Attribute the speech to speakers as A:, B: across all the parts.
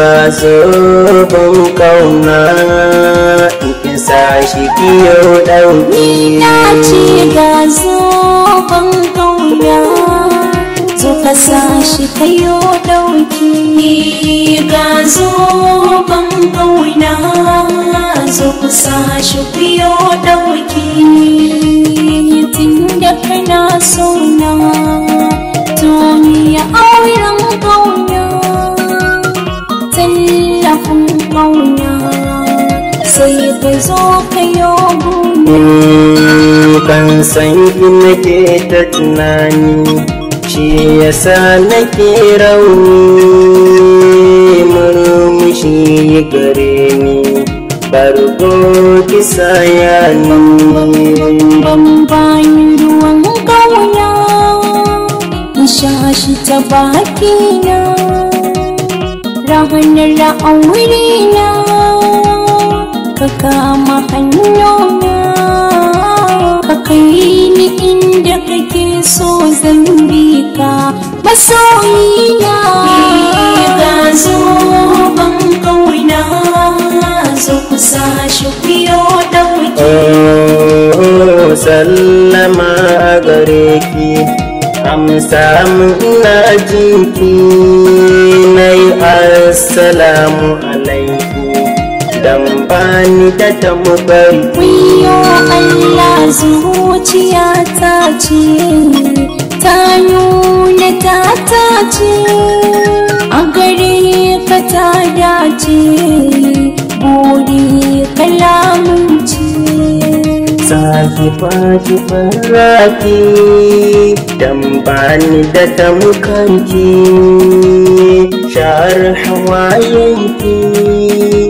A: ba su ban kauna
B: isa shi biyo ɗauki na ce ga zoban kauna zo ka sa shi kayo ɗauki ga zoban kauna zo ka sa shi biyo ɗauki tun da kana so ka zo ka yi
A: ban san nake ta tunani shi yasa nake rauni murmushi gare ni bargo kisa ya nan bayan
B: ruwan kawaya shashi ta bakina rahanar ra'aurina ka kama hannuna ka kai ni inda kake so zan bi ka zo ban kawai na zo kusa shi biyo dauke
A: oh, sallama a gare ki amsa na jinki na yi assalamu alaikum Dambani da ta mubari wiyo Allah
B: zuciya ta ce ta nuna ta ta ce a gare ka ta dace buri kalamun ce
A: sahiba jibaraki dan bani da ta mukanki shahar hawayenki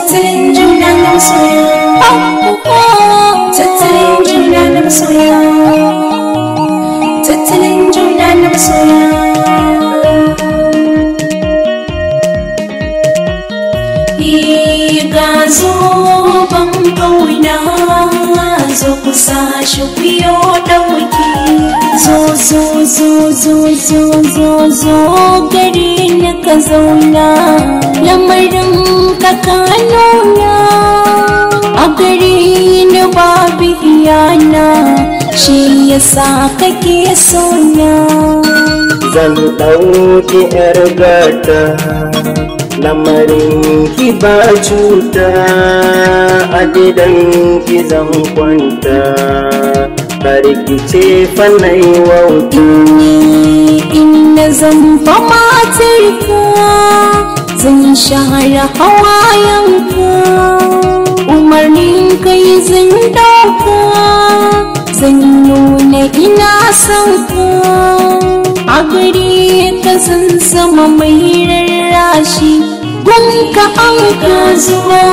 B: tattalin juna na masoya tattalin juna na masoya tattalin juna na kauna zo kusa shi ɗauki zo zo zo zo zo zo zo gari na ka zauna lamarin tsakanina a gare ni babu iyana shi yasa kake sona
A: zan ɗauki yar gata lamarin ki ba cuta a gidan ki zan kwanta
B: ki ce fanai wauta in Ina zan fama tirka zan shahara hawayenka umarnin kai zan dauka zan nuna ina son ka a gari ka zan zama mai rarrashi gun ka ka zuwa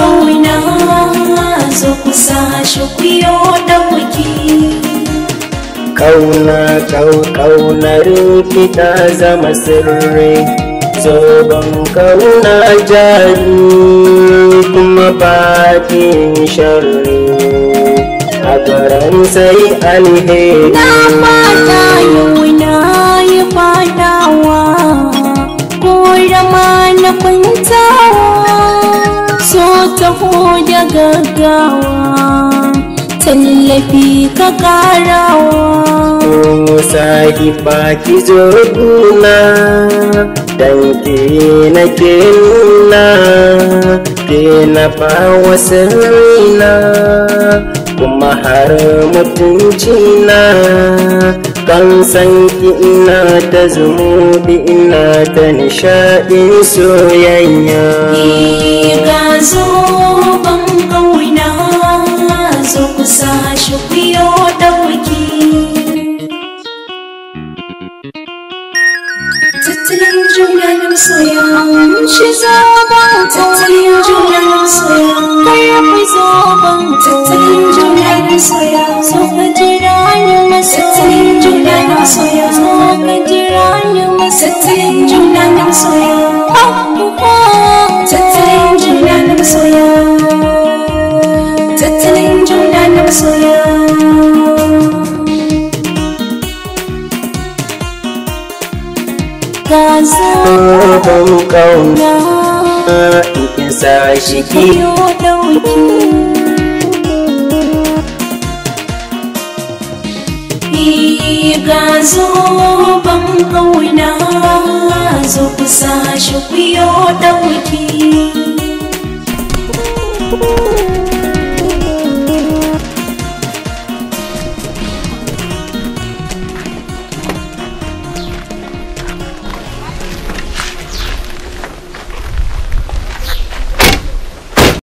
B: ban zo kusa shi kuyo da
A: kauna kaunar ki ta zama sirri zoben kauna jari kuma fatin sharri a garin sai alheri na
B: mata yau na yi fadawa ko rama na kwantawa so ta da gaggawa tallafi ka karawa
A: Musa ki baki zo na danki na ke nuna ke na bawa sirrina kuma har na kan san ki ina ta zumuɗi ina ta nishaɗin soyayya.
B: Ga ban
A: kauna in sa
B: shi kiyo dauki ga zuban ƙauna zo kusa shi kuyo ɗauki